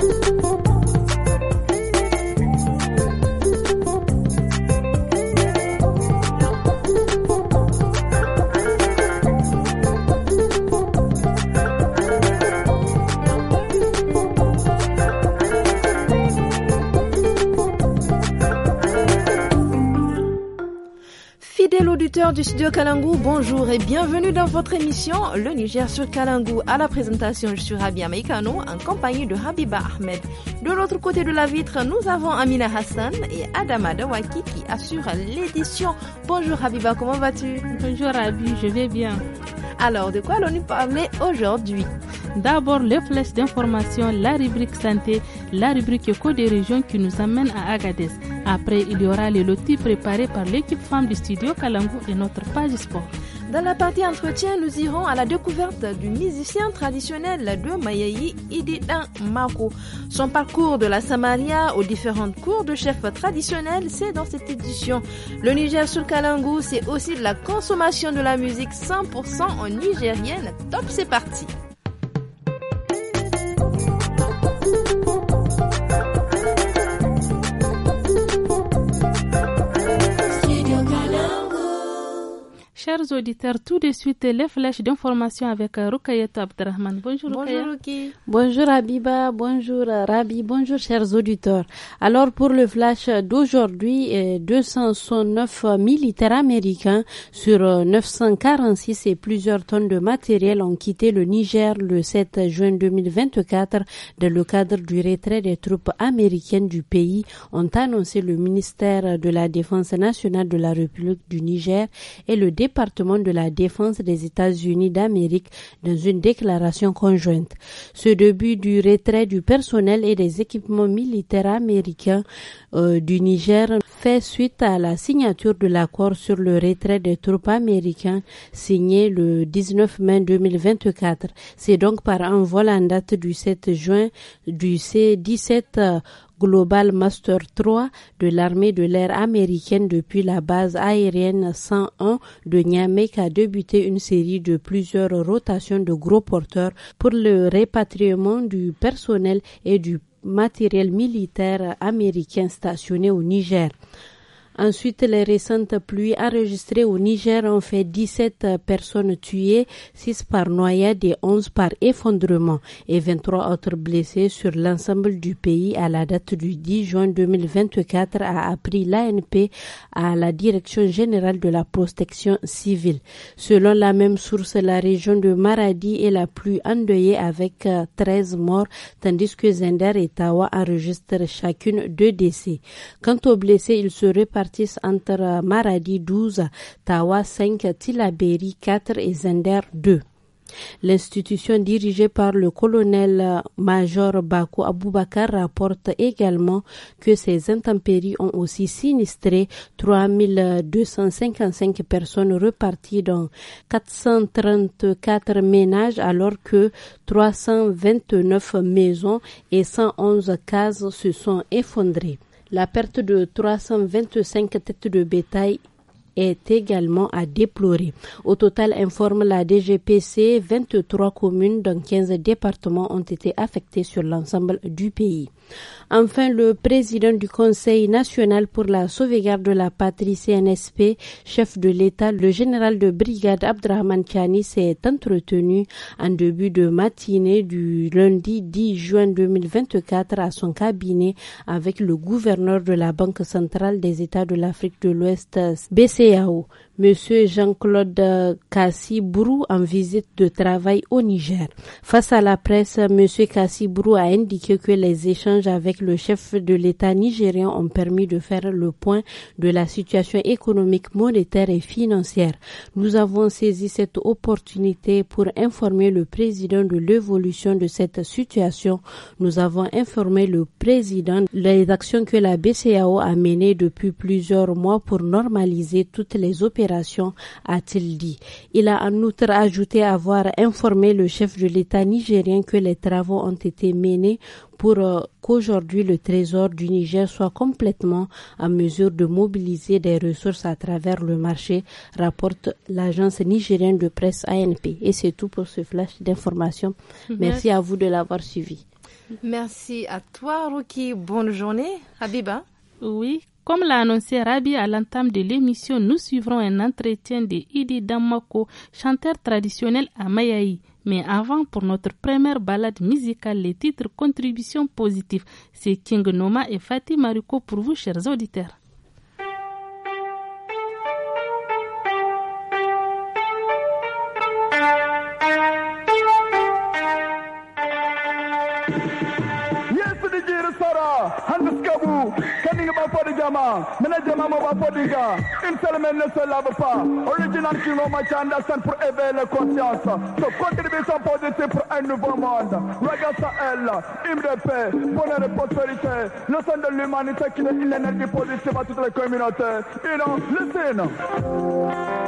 嗯。du studio Kalangou, bonjour et bienvenue dans votre émission Le Niger sur Kalangou. À la présentation, je suis Rabia Meikano en compagnie de Habiba Ahmed. De l'autre côté de la vitre, nous avons Amina Hassan et Adama Dawaki qui assurent l'édition. Bonjour Habiba, comment vas-tu Bonjour Rabi, je vais bien. Alors, de quoi allons-nous parler aujourd'hui D'abord, les flèches d'information, la rubrique santé, la rubrique éco des régions qui nous amène à Agadez. Après, il y aura les lotis préparés par l'équipe femme du studio Kalangu et notre page sport. Dans la partie entretien, nous irons à la découverte du musicien traditionnel de Mayayi, Ididan Mako. Son parcours de la Samaria aux différentes cours de chef traditionnels, c'est dans cette édition. Le Niger sur Kalangu, c'est aussi de la consommation de la musique 100% en nigérienne. Top, c'est parti. chers auditeurs, tout de suite les flèches d'information avec euh, Rukayet Abdrahman. Bonjour Rukayet. Bonjour Ruki. Bonjour Abiba, bonjour euh, Rabi, bonjour chers auditeurs. Alors pour le flash d'aujourd'hui, 209 euh, militaires américains sur 946 et plusieurs tonnes de matériel ont quitté le Niger le 7 juin 2024 dans le cadre du retrait des troupes américaines du pays, ont annoncé le ministère de la Défense nationale de la République du Niger et le département département de la défense des États-Unis d'Amérique dans une déclaration conjointe. Ce début du retrait du personnel et des équipements militaires américains euh, du Niger fait suite à la signature de l'accord sur le retrait des troupes américains signé le 19 mai 2024. C'est donc par un vol en date du 7 juin du C17 Global Master 3 de l'armée de l'air américaine depuis la base aérienne 101 de Niamey a débuté une série de plusieurs rotations de gros porteurs pour le répatriement du personnel et du matériel militaire américain stationné au Niger. Ensuite, les récentes pluies enregistrées au Niger ont fait 17 personnes tuées, 6 par noyade et 11 par effondrement et 23 autres blessés sur l'ensemble du pays à la date du 10 juin 2024 a appris l'ANP à la Direction générale de la protection civile. Selon la même source, la région de Maradi est la plus endeuillée avec 13 euh, morts, tandis que Zender et Tawa enregistrent chacune deux décès. Quant aux blessés, ils se répartissent entre Maradi 12, Tawa 5, Tilaberi 4 et Zender 2. L'institution dirigée par le colonel-major euh, Bakou Aboubakar rapporte également que ces intempéries ont aussi sinistré 3255 personnes reparties dans 434 ménages alors que 329 maisons et 111 cases se sont effondrées la perte de 325 têtes de bétail est également à déplorer. Au total, informe la DGPC, 23 communes dans 15 départements ont été affectées sur l'ensemble du pays. Enfin, le président du Conseil national pour la sauvegarde de la patrie CNSP, chef de l'État, le général de brigade Abdrahman Kani s'est entretenu en début de matinée du lundi 10 juin 2024 à son cabinet avec le gouverneur de la Banque centrale des États de l'Afrique de l'Ouest, BCE real Monsieur Jean-Claude brou en visite de travail au Niger. Face à la presse, Monsieur brou a indiqué que les échanges avec le chef de l'État nigérien ont permis de faire le point de la situation économique, monétaire et financière. Nous avons saisi cette opportunité pour informer le président de l'évolution de cette situation. Nous avons informé le président des actions que la BCAO a menées depuis plusieurs mois pour normaliser toutes les opérations a-t-il dit. Il a en outre ajouté avoir informé le chef de l'État nigérien que les travaux ont été menés pour euh, qu'aujourd'hui le trésor du Niger soit complètement en mesure de mobiliser des ressources à travers le marché, rapporte l'agence nigérienne de presse ANP. Et c'est tout pour ce flash d'information. Mhm. Merci, à vous de l'avoir suivi. Merci à toi, Ruki. Bonne journée. Habiba. Oui, comme l'a annoncé Rabi à l'entame de l'émission, nous suivrons un entretien de Idi Damako, chanteur traditionnel à Mayaï. Mais avant, pour notre première balade musicale, les titres Contribution positive, c'est King Noma et Fatih Mariko pour vous, chers auditeurs. vous. Kenning il Jama, a pas de seule il ne se lave pas. Original Kilo Machanda San pour éveiller la conscience. Ce contribution positive pour un nouveau monde. Regarde ça, elle, hymne de paix, bonheur et prospérité. Le sein de l'humanité qui est une énergie positive à toutes les communautés. You know, listen.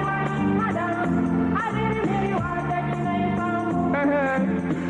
head.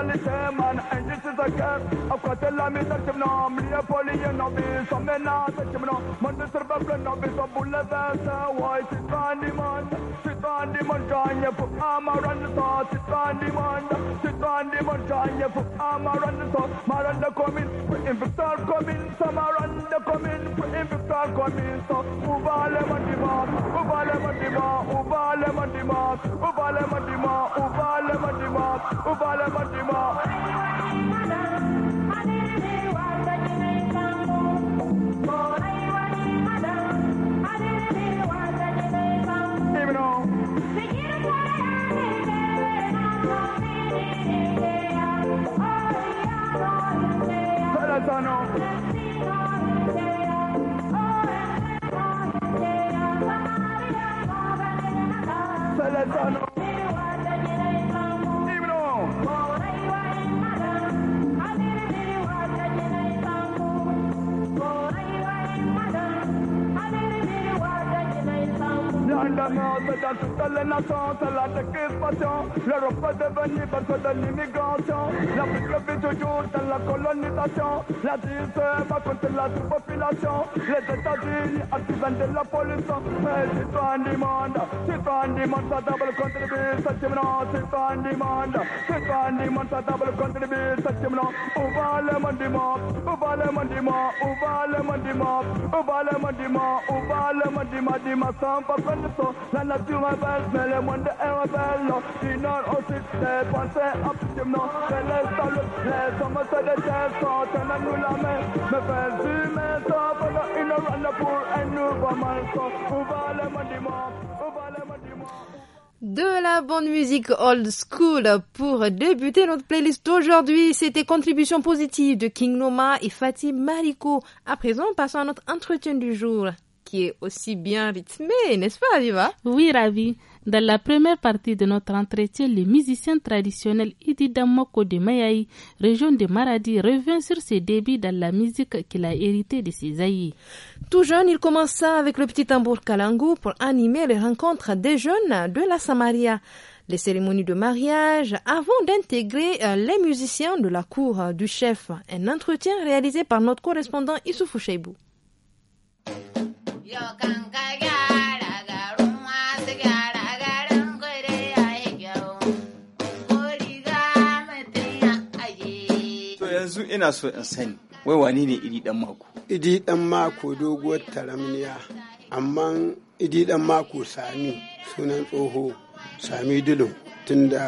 Kjell i Seman, endelig syns jeg ikke Akkurat til jeg mitt er kjemna Mye på lien av vi som en av det kjemna Man det server blønn av vi som bolle vese Why sitt vanlig mann, sitt vanlig mann Kjanje på kameran sa sitt vanlig mann Sitt vanlig mann kjanje på kameran sa Maranda kom inn, investør kom inn Sa Maranda kom inn, investør kom inn Så move alle mann ubale mandima, ubale mandima, ubale mandima, ubale mandima. I don't know. Sono. Under accident, l'innocent, c'est la décrispation. L'Europe est devenue base de l'immigration. L'Afrique vit toujours dans la colonisation. L'Asie se bat contre la population Les États-Unis accident de la pollution. Mais citoyens du monde, citoyens du monde, ça double contribue, ça non, citoyens du monde, citoyens du monde, ça double contribue, ça non. Où va le monde du monde, où va le monde du monde, où va le monde du monde, où va le monde du monde, où va le monde du monde, du monde, la nature rebelle, mais les moines de rebelle. Sinon, aussi, les pensées optimement. C'est les saluts, les hommes, c'est des têtes, tenant nous la main. Me faire du maison pendant une ronde pour un nouveau morceau. Où va les moines du monde? Où va les De la bonne musique old school pour débuter notre playlist d'aujourd'hui. C'était Contribution positive de King Noma et Fatih Mariko. À présent, passons à notre entretien du jour qui est aussi bien rythmé, n'est-ce pas, Viva Oui, Ravi. Dans la première partie de notre entretien, le musicien traditionnel Idi Moko de Mayaï, région de Maradi, revient sur ses débuts dans la musique qu'il a hérité de ses aïeux. Tout jeune, il commença avec le petit tambour Kalangu pour animer les rencontres des jeunes de la Samaria les cérémonies de mariage avant d'intégrer euh, les musiciens de la cour euh, du chef. Un entretien réalisé par notre correspondant Issoufou Cheibou. yanzu ina so in sani wai wani ne idi dan mako idi dan mako doguwar taramniya amma idi dan mako sami sunan tsoho sami dilo tunda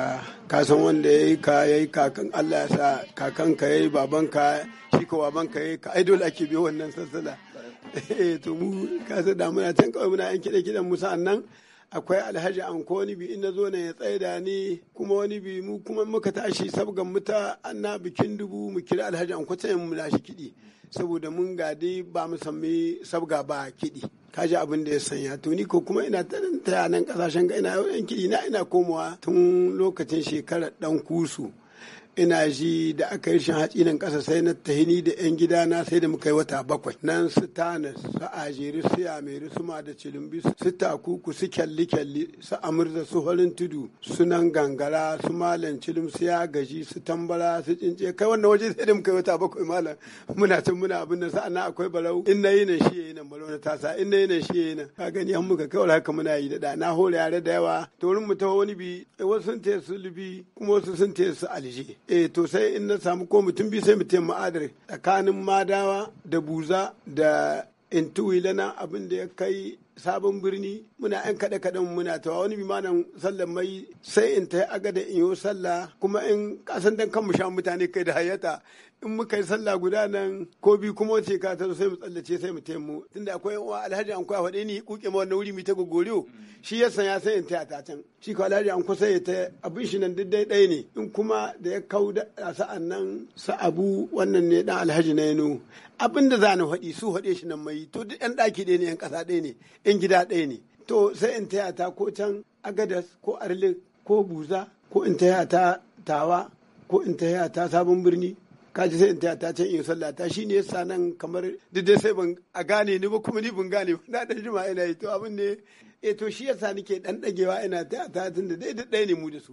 ka san wanda ya yi ka ya yi kakan allah ya sa ka ya yi babanka shi ka babanka ya yi ka idol dole ake biyo wannan sassala Eh, to mu ka da muna can kawai muna yan kiɗe kiɗan mu sa'annan akwai alhaji anko wani bi ina zo na ya tsaida ni kuma wani bi mu kuma muka tashi sabgan muta na bikin dubu mu kira alhaji anko ta mu lashi kiɗi saboda mun gadi ba mu sami sabga ba kiɗi kaji abin da ya sanya to ni ko kuma ina ta nan kasashen ga ina yan kiɗi na ina komawa tun lokacin shekarar dan kusu ina ji da aka yi shan hatsi nan ƙasa sai na tahini da 'yan gida na sai da muka yi wata bakwai nan su tana su ajeri su yameri su ma da cilimbi su takuku su kyalli kyalli su amurza su horin tudu su nan gangara su malam cilim su ya gaji su tambara su cince kai wannan waje sai da muka yi wata bakwai malam muna cin muna abin nan sa'an akwai balau in na yi nan shi ya yi nan balau na tasa in na yi nan shi ya yi nan ka gani an muka kawai haka muna yi da da na hore yare da yawa to wurin mu ta wani bi wasu sun te su libi kuma wasu sun te su alje eh to sai in na samu ko mutum biyu sai mutum ma'adar tsakanin madawa da buza da intuwi lana abin da ya kai sabon birni muna yan kaɗe kaɗen muna tawa wani bimanan sallan mai sai in ta agada in yi sallah kuma in kasan dan kan mu sha mutane kai da hayata in muka yi sallah guda nan ko bi kuma wace ka ta sai mu tsallace sai mu taimu tunda akwai yan uwa alhaji an kwa faɗe ni kuke ma wannan wuri mu ta gogoriyo shi ya san ya san in taya ta can shi ka alhaji an kusa ya ta abin shi nan dai ɗaya ne in kuma da ya kau da sa'an nan sa abu wannan ne dan alhaji na yano abin da za ni faɗi su faɗe shi nan mai to duk yan ɗaki ɗaya ne ƴan ƙasa ɗaya ne ƴan gida ɗaya ne to sai in taya ta ko can agadas ko arlin ko buza ko in taya ta tawa ko in taya ta sabon birni Ka ji sai in taya ta ce in sallah ta ne yasa nan kamar dai sai ban a gane ni ba kuma ni ban gane ba na dan juma ina yi to abin ne eh to shi yasa nake dan dagewa ina ta ta tun da dai dai ne mu da su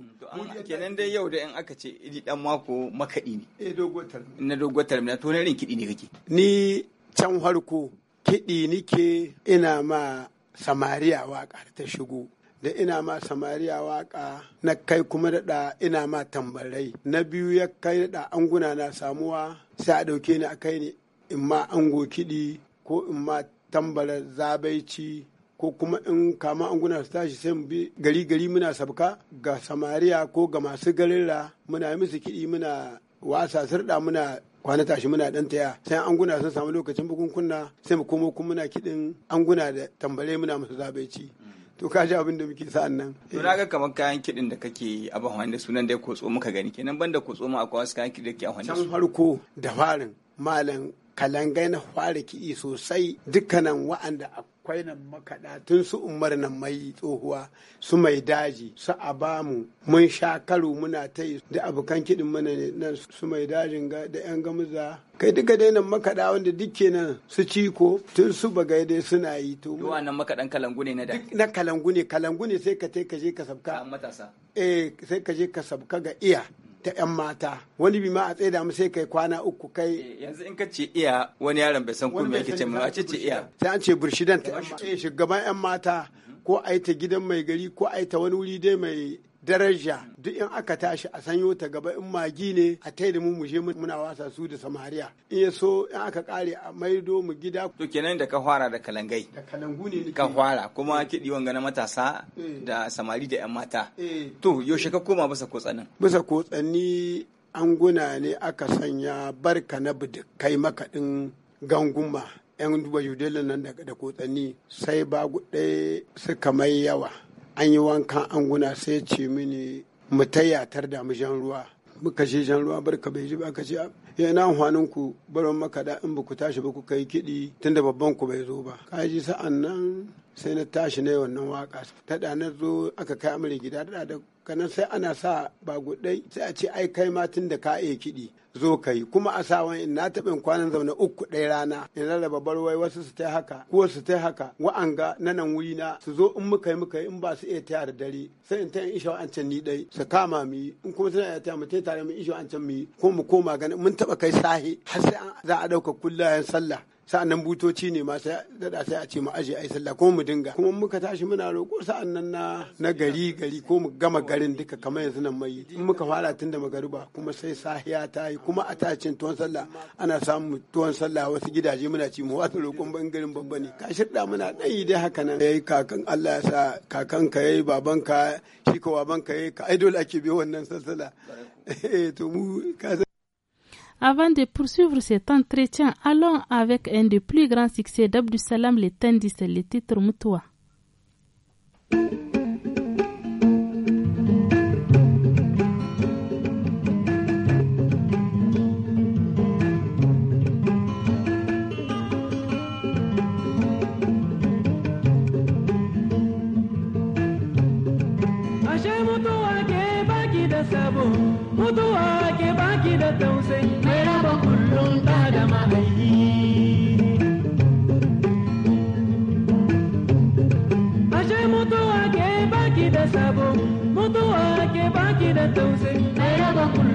kenan dai yau da in aka ce idi dan mako makadi ne eh dogotar na dogotar na to na rin kidi ne kake ni can harko kidi nike ina ma samariya waƙar ta shigo da ina ma samariya waka na kai kuma da ina ma tambarai na biyu ya kai da anguna na samuwa sai a dauke ni a kai ni in ma ango kiɗi ko in ma tambara zabaici ko kuma in kama anguna su tashi sai bi gari gari muna sabka ga samariya ko ga masu garira muna musu kiɗi muna wasa sirɗa muna kwana tashi muna dan taya sai anguna sun samu lokacin bukunkunna sai mu komo kuma muna kiɗin anguna da tambare muna musu zabaici to ka ji abin da muke sa'an nan. To na ga kamar kayan kiɗin da kake abin da sunan da ya kotso muka gani kenan ban da kotso ma akwai wasu kayan kiɗin da ke a da su. Can farko da farin malam kalangai na fara kiɗi sosai dukkanin wa'anda kwainan makaɗa tun su umar nan mai tsohuwa su mai daji su a mu mun sha karo muna ta yi da abokan kiɗin mana nan su mai dajin da yan gamuza kai duka dai nan makaɗa wanda duk kenan su ciko tun su ba gaide suna yi to mu wannan makaɗan kalangu ne na da na kalangu ne kalangu ne sai ka je ka sabka matasa eh sai ka je ka sabka ga iya ta 'yan mata wani bi ma a da mu sai kai kwana uku kai eh, yanzu in ka ce iya wani yaron bai san kuma yake ce mu a ce ce iya sai an ce burshidan ta eh, shugaban 'yan mata ko a ta gidan mai gari ko a ta wani wuri dai mai daraja duk in aka tashi a sanyo ta gaba in magi ne a tai da mu je muna wasa su da samariya in ya so in aka kare a maido mu gida to kenan da ka fara da kalangai da kalangu ne ka fara kuma kiɗi wanga na matasa eh. da samari da yan mata eh. to yaushe ka koma bisa kotsanin bisa kotsanni anguna ne aka sanya barka na kai makaɗin ganguma 'yan duba yudelan nan da kotsanni sai ba ɗaya suka mai yawa an yi wankan anguna sai ya ce mini mu ta tayyatar da mu jan ruwa muka je jan ruwa ka bai ji ba ka ce yana hannun ku baron maka da in ku tashi ba ku kai kiɗi tunda babban ku bai zo ba ka ji sa'an nan sai na tashi na wannan waka ta da na zo aka kai amare gida da kanan sai ana sa bagudai sai a ce ai kai ma tun da ka iya kiɗi zo kai kuma a sawan in na taɓin kwanan zaune uku ɗaya rana in rarraba barwai wasu su ta haka ko su ta haka wa'anga na nan wuri na su zo in muka yi muka yi in ba su iya taya da dare sai in ta yin isha wa'ancan ni ɗai su kama mu yi in kuma suna iya taya mu tai tare mu isha wa'ancan mu yi ko mu koma ganin mun taɓa kai sahi har sai za a ɗauka kullayen sallah sa'annan butoci ne ma sai dada sai a ce mu aje ai sallah ko mu dinga kuma muka tashi muna roƙo sa'annan na na gari gari ko mu gama garin duka kamar yanzu nan mai in muka fara tun da magariba kuma sai sahiya ta yi kuma a tacin tuwon sallah ana samu tuwon sallah wasu gidaje muna ci mu wasu roƙon ban garin babba ne ka shirda muna dan yi dai haka nan yayi kakan Allah ya sa kakan yayi babanka shi ka babanka yayi ka idol ake bi wannan sallah eh to mu ka Avant de poursuivre cet entretien, allons avec un des plus grands succès Salam, les Tendis, le titre Moutoua. mutuwa ke baki da tausayi mai raba kullum ta da mahaifi ashe mutuwa ke baki da sabo mutuwa ke baki da tausayi mai raba kullum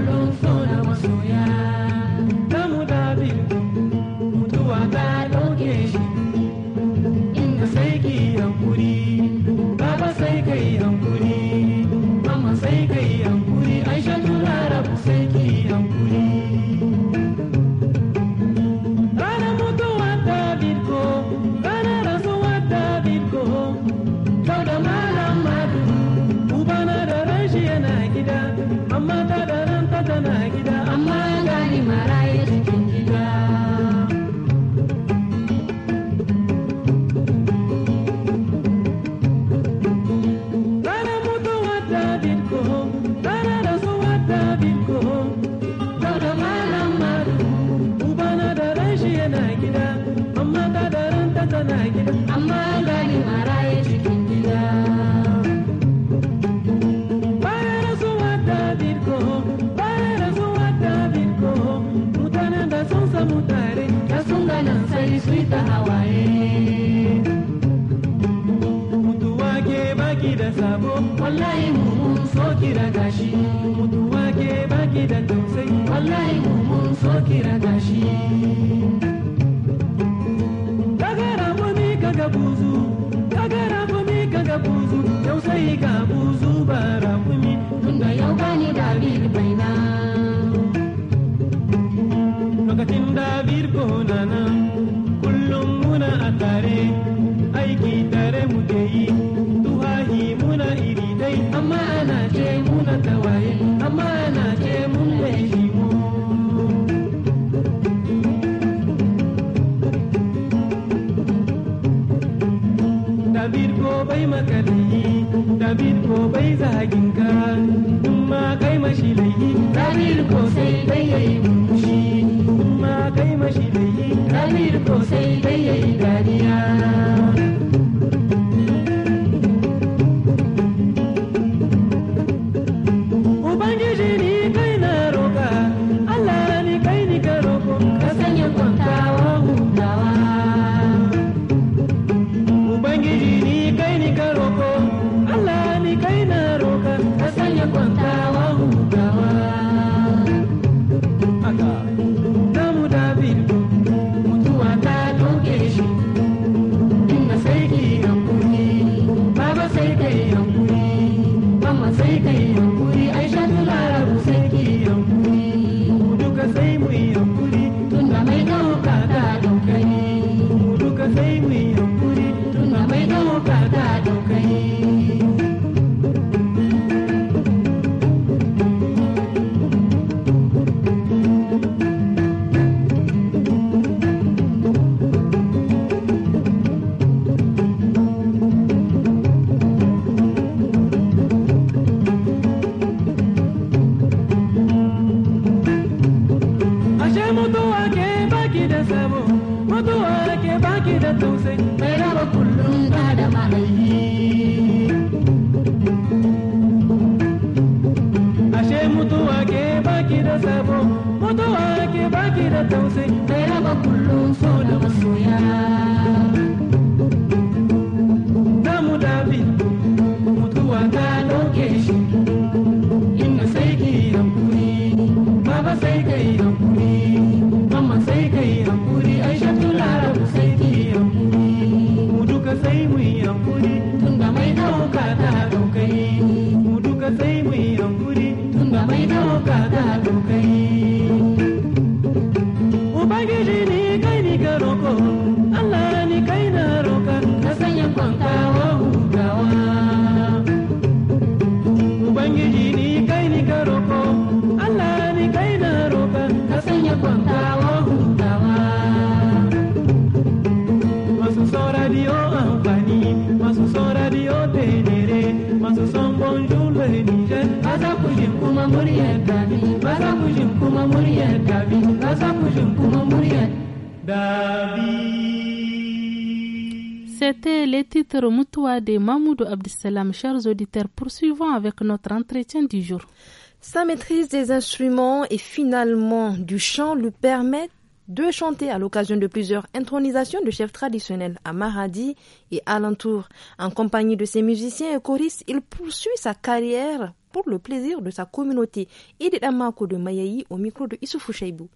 C'était le titre Moutoua de Mahmoud Abdisalam, chers auditeurs. Poursuivons avec notre entretien du jour. Sa maîtrise des instruments et finalement du chant lui permet de chanter à l'occasion de plusieurs intronisations de chefs traditionnels à Maradi et alentour. En compagnie de ses musiciens et choristes, il poursuit sa carrière pour le plaisir de sa communauté. Idi dan mako de mayayi au micro de Issoufou Shaibou.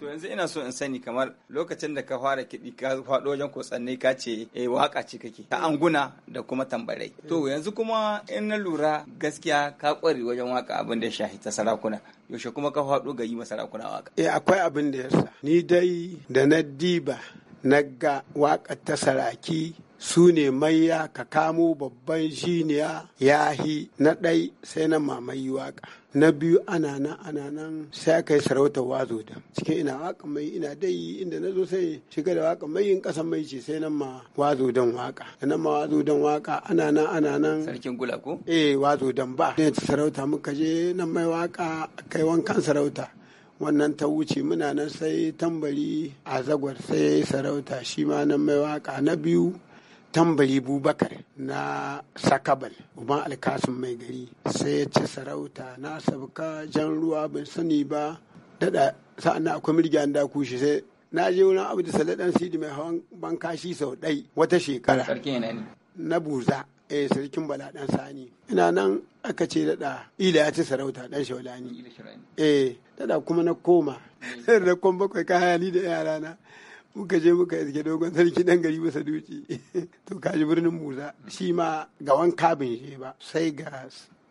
To yanzu ina so in sani kamar lokacin da ka fara kiɗi ka faɗo wajen kotsanne ka ce eh waka ce kake ta anguna da kuma tambarai. To yanzu kuma in na lura gaskiya ka ƙware wajen waka abin da shahi ta sarakuna. Yaushe kuma ka faɗo ga yi sarakuna waka. Eh akwai abin da ya sa. Ni dai da na diba na ga waka ta saraki su ne maiya ka kamo babban jiniya yahi na ɗai sai na mamayi waka na biyu ana nan ana nan sai aka yi sarautar wazo da cikin ina waka mai ina dai inda na zo sai shiga da waka mai yin kasan mai ce sai nan ma wazo dan waka da nan ma wazo dan waka ana nan ana nan sarkin gula ko eh wazo dan ba ne ta sarauta muka je nan mai waka kai wankan sarauta wannan ta wuce muna nan sai tambari a zagwar sai sarauta shi ma nan mai waka na biyu tambari bubakar na sakabal uban alkasun mai gari sai ya ci sarauta na sabka jan ruwa ban sani ba dada sa'an akwai mirgyan da kushi sai na je wurin abu da saladan sidi mai hawan bankashi sau ɗai wata shekara na buza e sarkin bala dan sani ina nan aka ce dada ila ya ci sarauta dan shaulani eh dada kuma na koma na eh. kwan bakwai kayani da yarana muka je muka iske dogon sarki dan gari masa duci to kaji birnin Musa. shi ma ga wanka bin shi ba sai ga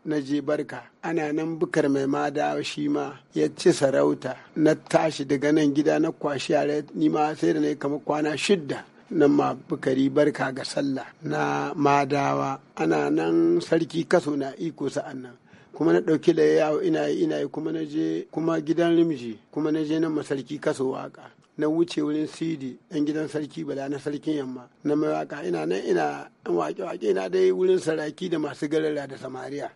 na je barka ana nan bukar mai mada shi ma ya ci sarauta na tashi daga nan gida na kwashi yare ni ma sai da na kama kwana shidda nan ma bukari barka ga sallah na madawa ana nan sarki kaso na iko sa'an nan kuma na ɗauki da yawo ina yi ina yi kuma na je kuma gidan rimji kuma na je nan masarki kaso waka na wuce wurin sidi ɗan gidan sarki bala na sarkin yamma na mawaka ina nan ina wake-wake na dai wurin saraki da masu garara da samariya.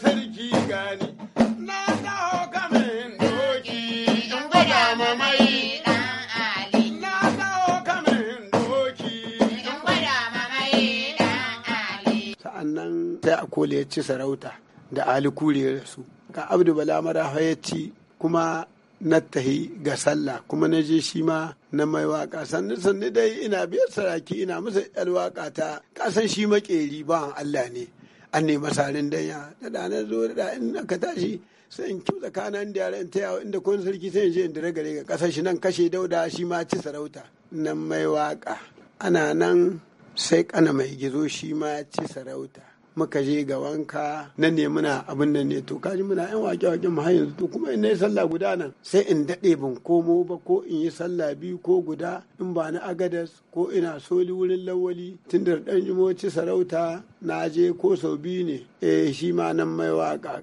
sarki gani ta a kole ya ci sarauta da alikuri ya su ga abdu bala marafa ya ci kuma na tahi ga sallah kuma na je shi ma na mai waka sannu sannu dai ina biyar saraki ina masa yar waka ta kasan shi makeri ba Allah ne an ne masarin danya da dana zo da in aka tashi sai in kyau tsakanin da yaran ta yawo inda kun sarki sai in je in dira gare ga kasar shi nan kashe dauda shi ma ci sarauta nan mai waka ana nan sai kana mai gizo shi ma ci sarauta muka je ga wanka na ne muna abin nan ne to kaji muna yan wake wake mu har yanzu to kuma in yi sallah guda nan sai in daɗe ban komo ba ko in yi sallah biyu ko guda in ba na agadas ko ina soli wurin lawali tun da dan jimoci sarauta na je ko sau biyu ne eh shi ma nan mai waka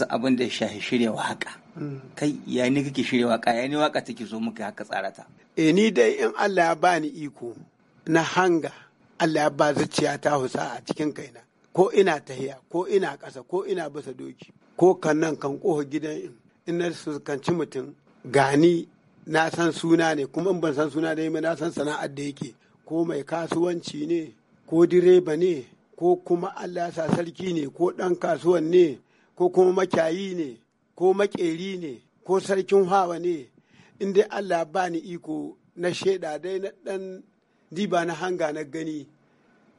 yanzu abin da ya shafi shirya waka kai ya ni kake shirya waka ya ni waka take zo muka haka tsara ta eh ni dai in Allah ya bani iko na hanga Allah ya ba zuciya ta husa a cikin kaina ko ina tahiya ko ina ƙasa ko ina basa doki ko kan nan kan ƙofa gidan in su kan kanci mutum gani na san suna ne kuma in ban san suna ne na san sana'ar da yake ko mai kasuwanci ne ko direba ne ko kuma Allah sa sarki ne ko ɗan kasuwan ne ko kuma makyayi ne ko makeri ne ko sarkin hawa ne in dai Allah ba ni iko na shaida dai na dan diba na hanga na gani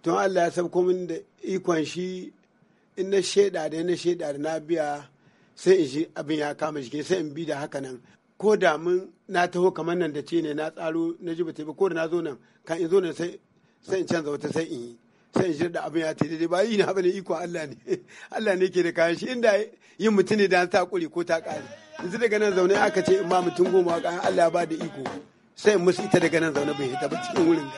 don Allah ya sabko min da ikon shi in na shaida dai na shaida da na biya sai in shi abin ya kama shi sai in bi da haka nan ko da mun na taho kamar nan da ce ne na tsaro na ji ba ko da na zo nan kan in zo nan sai in canza wata sai in yi sai shi da abin ya ta daidai ba yi na abin iko Allah ne Allah ne ke da kayan shi inda yin mutum ne da ta kuri ko ta kare yanzu daga nan zaune aka ce in ba mutum goma kayan Allah ba da iko sai musu ita daga nan zaune bai hita ba cikin wurin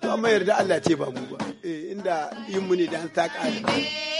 to amma yarda Allah ce ba mu ba eh, inda yin mu ne da ta kare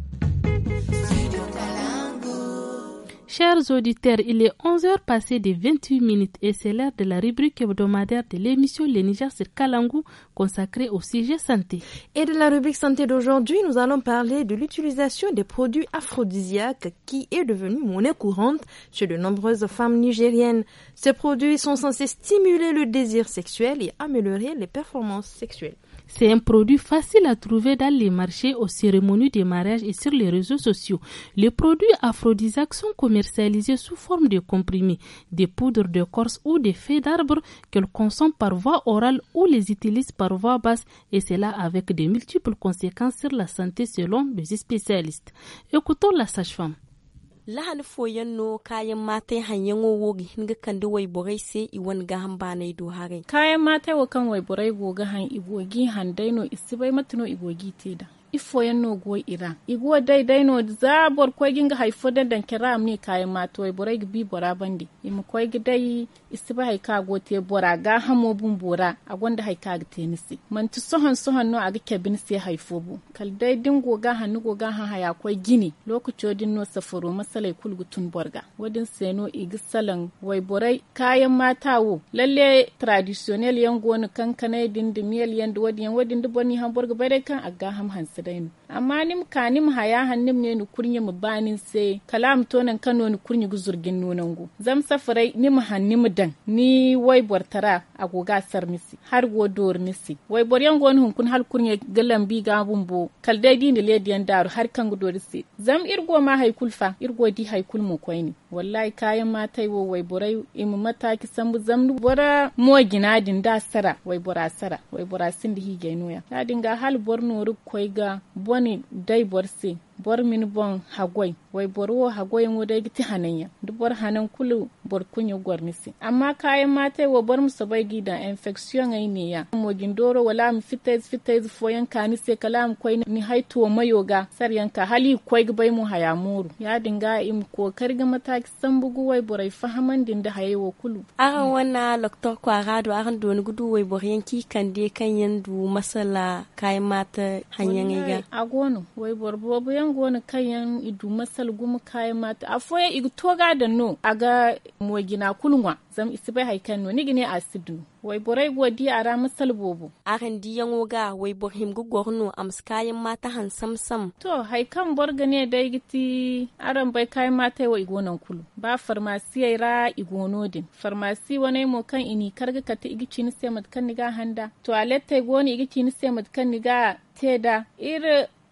Chers auditeurs, il est 11h passé des 28 minutes et c'est l'heure de la rubrique hebdomadaire de l'émission Les Niger sur Kalangou consacrée au sujet santé. Et de la rubrique santé d'aujourd'hui, nous allons parler de l'utilisation des produits aphrodisiaques qui est devenue monnaie courante chez de nombreuses femmes nigériennes. Ces produits sont censés stimuler le désir sexuel et améliorer les performances sexuelles. C'est un produit facile à trouver dans les marchés, aux cérémonies de mariage et sur les réseaux sociaux. Les produits aphrodisiaques sont commercialisés sous forme de comprimés, des poudres de corse ou des feuilles d'arbres qu'elles consomment par voie orale ou les utilisent par voie basse et cela avec de multiples conséquences sur la santé selon les spécialistes. Écoutons la sage-femme. lahal foyan no kayan mata hanyen wo gi hinga kan de wai borai se i wan ga han nai do hare kayan mata wo kan wai borai go ga han ibogi han no isibai matno ibogi te da ifo no go ira igo dai dai no zabor ko ginga haifo da dan kira amni kayan mato e borai bi bora bandi im ko gi dai isiba hay ka go te bora ga hamo bun bora a gonda hay ka tenisi man tu sohon sohon no aga kebin sai haifo bu kal dai dingo ga hanu go ga ha haya ko gini lokaci odin no safaro masalai kulgutun borga wadin seno igi salan wai borai kayan mata wo lalle traditional yan gonu kankane din dimiyal yan wadin wadin dubani hamburg bare kan aga ham hansa sidain amma nim ka nim haya hannim ne ni kurnye mu banin se kalam tonan kano ni kurnye guzurgin zurgin nonan zam safarai nim hannim dan ni wai bortara agoga sar misi har go dor misi wai bor yango ni hunkun hal kurnye galam bi ga bumbo kal dai le diyan daru har kan gu dor zam irgo ma haikul fa irgo di haikul mu koyni wallahi kayan matai wo wai borai imu mataki sambu zamnu bora mo ginadin da sara wai bora sara wai bora sindi hige noya ta dinga hal bor nuru koiga boni dai borsi bor min bon goy way bor wo goy mo de giti hananya du bor hanan kulu bor kunyo gornisi amma kayan mata wo bor musa bai gida infection ai ne ya mo gindoro wala mi fitez fitez foyan kani se kalam koy ni haito mayoga saryan ka hali koy bai mu haya muru ya dinga im kokar ga ki san bugu way borai fahaman din da haye wo kulu aran wana doktor kwarado aran don gudu way bor yanki kan de kan yandu masala kayan mata hanyan ga agono way bor bobo yan gona kayan idu masal gumu kayan mata a igu toga da no a ga mogina kulunwa zam bai haikan no ni gine a asidu wai borai godi a ra masal bobo akan di yango woga wai bor him gu gorno ams kayan mata han sam sam to haikan bor gane dai giti aran bai kayan mata wai gonan kulu ba farmasiya ra igono din farmasi wani mo kan ini karga kata igici ni sai mat kan ga handa toilet ta igoni igici ni sai mat kan ga teda ir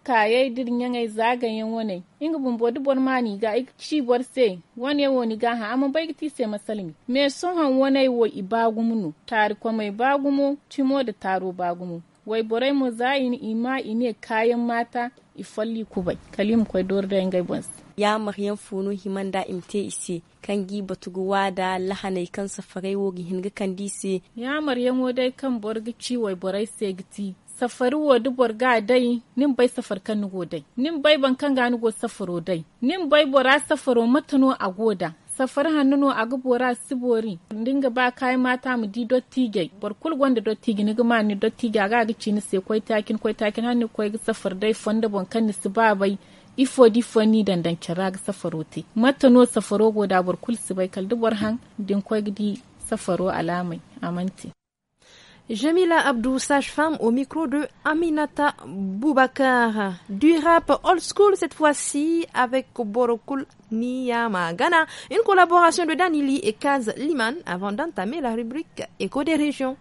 dir nyangai zaga zagayen wone inga bumbo du bon mani ga ik ci bor se wani woni ga ha amma bai ti se masalmi me so han wone wo ibagumunu tari ko mai bagumu timo da taro bagumu wai borai mu zayin ima ine kayan mata ifalli kubai kalim kwai dor da ngai bons ya mahyan funu himanda imte ise kan gi guwa da lahanai kan safarai wogi hinga kan disi ya Maryam wodai kan borgi wai borai wa dubar ga dai nin bai safar kan nugo dai nin bai ban kan ga nugo safaro dai nin bai bora safaro matano a goda safar hannuno a gubora sibori dinga ba kai mata mu di dottige barkul gwanda dottige ni gama ni dottige ga ga ci sai koi takin koi takin hannu koi safar dai fonda bon kan ni su babai ifo di foni dan dan kira ga safaro te matano safaro goda bar barkul su bai dubar han din koi di safaro alamai amanti Jamila Abdou, sage-femme, au micro de Aminata Boubacar, du rap old school cette fois-ci avec Borokul Ghana. une collaboration de Danili et Kaz Liman avant d'entamer la rubrique Écho des régions.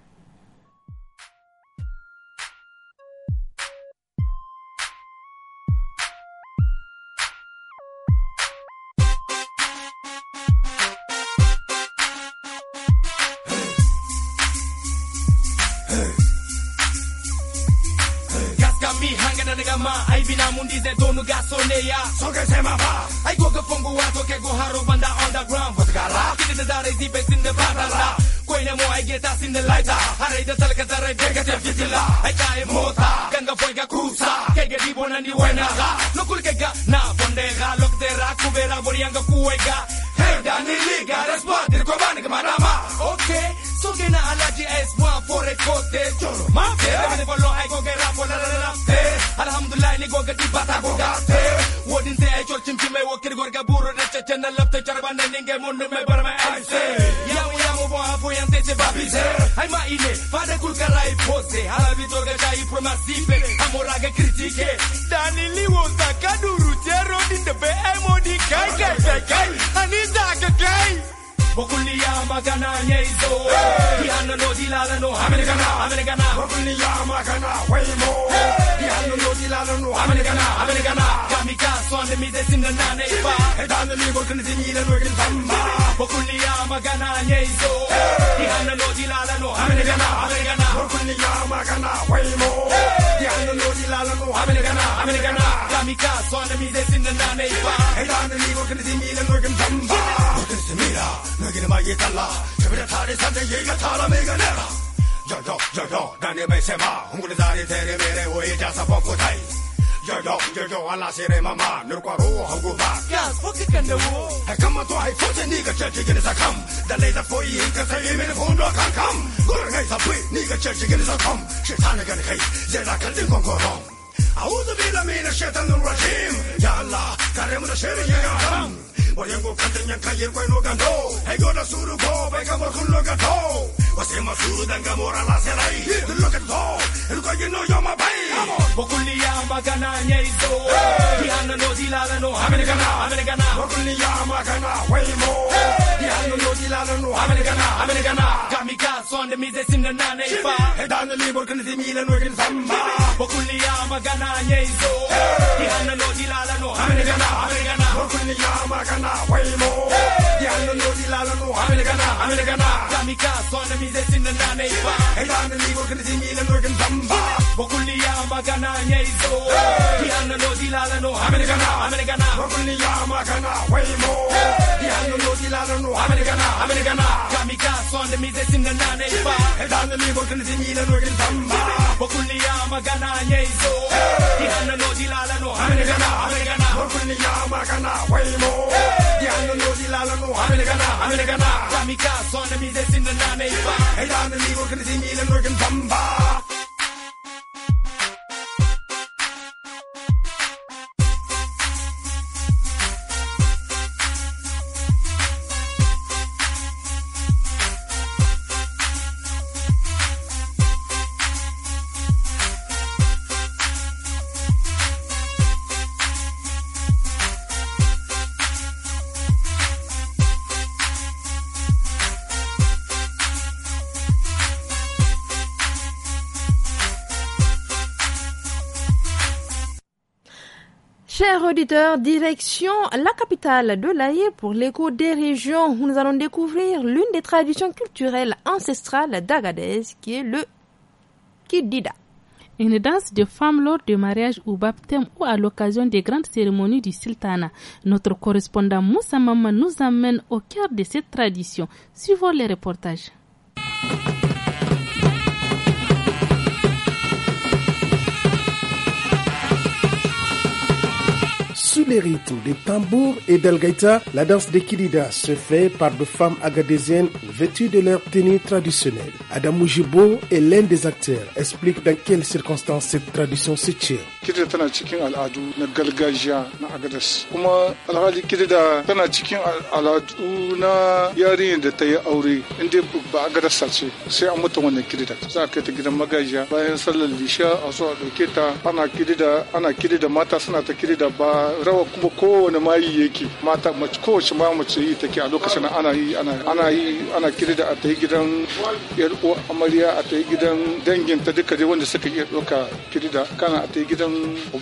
Yezo. Rihanna no Dilala no Americana, Americana. Rukuniya Gana, way more. Rihanna no Dilala no Americana, Americana. Kamika Swan me the Sinda Nane Ba. Hedana ni Bokun Dinila no Gin Tamba. Bokuniya Gana Yezo. Rihanna no Dilala no Americana, Americana. Rukuniya Gana, way more. Rihanna no Dilala no Americana, Americana. Kamika Swan me the Sinda Nane Ba. Hedana ni Bokun Dinila no 나기는 이 달라 제비를 탈이 산대 얘가 사람이가 내라 요요요요 난이 매세마 홍군의 다리 대리미래 오이자사 벗고 다이 요요 요요 알라시레 마마 누르과로 하고 봐 Yes, fuck it, can do Come on, do I force it, nigga, church, get it, I come The laser for you, he can say, even if you don't come Good, I say, nigga, church, get it, I Walioangu kante nyankaye kwa gando Ego suru suru serai bai Bokulia magana nyeizo Dihana no dilala no Amerikana Bokulia magana waimo Dihana no dilala no Amerikana Amerikana Kamikaze on the mize sinna nane ifa Edana libor no samba Bokulia magana nyeizo Dihana no dilala no Amerikana Brooklyn ya magana way more Diallo di lalo no Americana Americana Jamika son mi de sin na nei ba Edan ni go kan jimi na lurgan zamba Bokuli ya magana yei zo Diallo di lalo no Americana Americana Brooklyn ya magana way more Diallo lo di lalo no Americana Americana Jamika son mi de sin na nei ba Edan ni go kan jimi na lurgan zamba Bokuli ya magana yei zo Diallo lo di lalo no Americana Americana Harukuni ya magana no gana mi Chers auditeurs, direction la capitale de l'Aïe pour l'écho des régions où nous allons découvrir l'une des traditions culturelles ancestrales d'Agadez qui est le Kidida. Une danse de femmes lors de mariage ou baptême ou à l'occasion des grandes cérémonies du sultanat. Notre correspondant Moussa nous amène au cœur de cette tradition. Suivons les reportages. les rythmes des tambour et d'algaïta, la danse des Kidida se fait par de femmes agadésiennes vêtues de leur tenue traditionnelle. Adam Mujibo est l'un des acteurs, explique dans quelles circonstances cette tradition se tient. Kidida tana cikin al'adu na gargajiya na Agadez. Kuma alhali Kidida tana cikin al'adu na yarinyar da ta yi aure inda ba Agadez ce sai an mutu wannan Kidida. Za a kai ta gidan magajiya bayan sallar lisha a zo a ana Kidida ana Kidida mata suna ta Kidida ba rawa kuma kowane mari yake mata mace kowace ma mace yi take a lokacin ana yi ana ana yi ana kirda a ta yi gidan yar uwa amarya a ta yi gidan dangin ta duka dai wanda suka iya doka kirda kana a ta yi gidan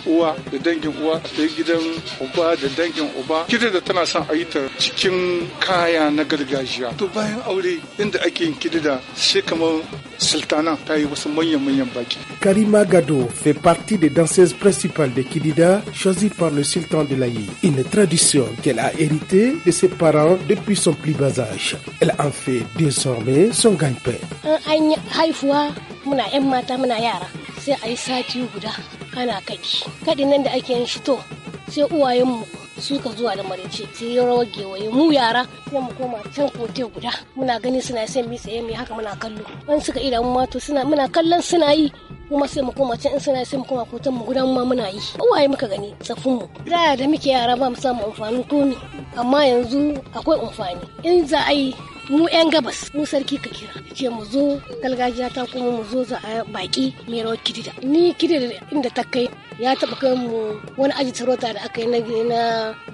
uwa da dangin uwa a ta yi gidan uba da dangin uba kirda tana son a yi ta cikin kaya na gargajiya to bayan aure inda ake yin kirda sai kamar sultana ta yi wasu manyan-manyan baki. Karima Gado fait partie des danseuses principales de Kidida, choisies par le sultan de l'Aïe, une tradition qu'elle a héritée de ses parents depuis son plus bas âge. Elle en fait désormais son gagne-pain. sai a sati guda ana kaɗi kaɗin nan da ake yin shi to sai uwayenmu suka zuwa da marece sai yi rawar gewaye mu yara sai mu koma can kote guda muna gani suna sai mi tsaye mai haka muna kallo wani suka ida mu mato suna muna kallon suna yi kuma sai mu koma can in suna sai mu koma kotan mu gudan ma muna yi uwaye muka gani tsafin mu da da muke yara ba mu samu amfanin komi amma yanzu akwai amfani in za a yi mu 'yan gabas mu sarki ka kira ce mu zo galgajiya ta kuma mu zo za a baki mai rawar kidida ni kidida inda ta kai ya taba kai mu wani aji tarota da aka yi na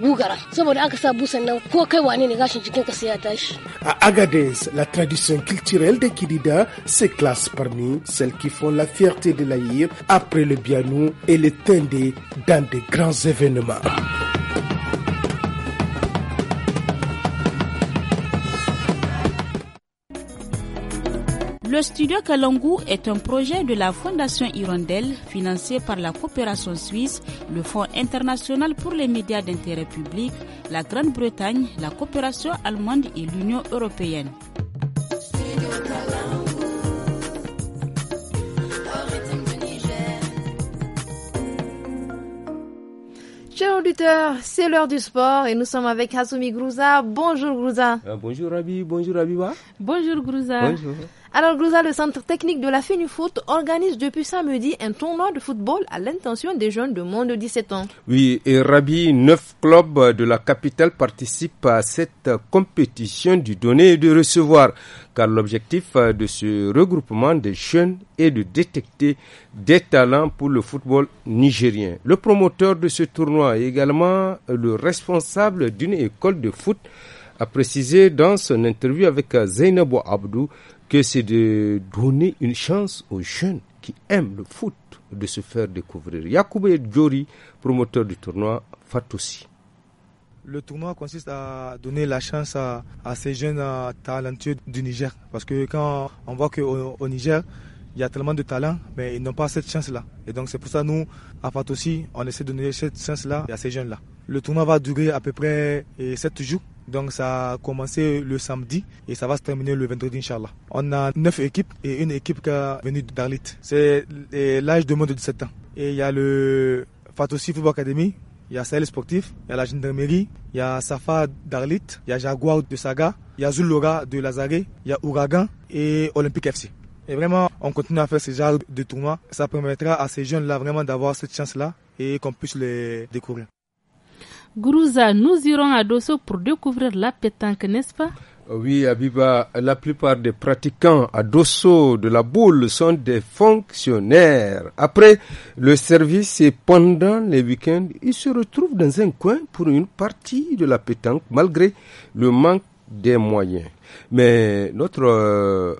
bugara saboda aka sa busan nan ko kai wane ne gashin jikin ka sai ya tashi a Agadez la tradition culturelle des kidida se classe parmi celles qui font la fierté de la l'Aïr après le bianou et le tendé dans de grands événements. Le studio Kalangu est un projet de la Fondation Hirondelle financé par la coopération suisse, le Fonds international pour les médias d'intérêt public, la Grande-Bretagne, la coopération allemande et l'Union européenne. Chers auditeurs, c'est l'heure du sport et nous sommes avec Hassoumi Grouza. Bonjour Grouza. Euh, bonjour Rabi, bonjour Abiba. Bonjour Grouza. Bonjour. Alors, Grouza, le centre technique de la foot, organise depuis samedi un tournoi de football à l'intention des jeunes de moins de 17 ans. Oui, et Rabi, neuf clubs de la capitale participent à cette compétition du donner et du recevoir, car l'objectif de ce regroupement des jeunes est de détecter des talents pour le football nigérien. Le promoteur de ce tournoi est également le responsable d'une école de foot a précisé dans son interview avec Zainabo Abdou, c'est de donner une chance aux jeunes qui aiment le foot de se faire découvrir. Yacoubé Djori, promoteur du tournoi, Fatossi. Le tournoi consiste à donner la chance à, ces jeunes talentueux du Niger. Parce que quand on voit qu'au au Niger, il y a tellement de talents, mais ils n'ont pas cette chance-là. Et donc c'est pour ça nous, à Fatossi, on essaie de donner cette chance-là à ces jeunes-là. Le tournoi va durer à peu près 7 euh, jours. Donc ça a commencé le samedi et ça va se terminer le vendredi, Inch'Allah. On a neuf équipes et une équipe qui est venue de d'Arlit. C'est l'âge de moins de 17 ans. Et il y a le Fatossi Football Academy, il y a Sahel Sportif, il y a la gendarmerie, il y a Safa d'Arlit, il y a Jaguar de Saga, il y a Zulora de Lazare, il y a Ouragan et Olympique FC. Et vraiment, on continue à faire ce genre de tournoi. Ça permettra à ces jeunes-là vraiment d'avoir cette chance-là et qu'on puisse les découvrir. Gourouza, nous irons à Dosso pour découvrir la pétanque, n'est-ce pas oui, Abiba, la plupart des pratiquants à Dosso de la boule sont des fonctionnaires. Après le service et pendant les week-ends, ils se retrouvent dans un coin pour une partie de la pétanque malgré le manque des moyens. Mais notre euh,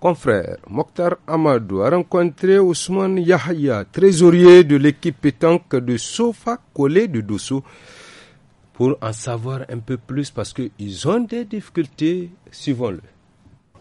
confrère Mokhtar Amadou a rencontré Ousmane Yahya, trésorier de l'équipe pétanque de Sofa Collé de Dosso pour en savoir un peu plus parce qu'ils ont des difficultés, suivons-le.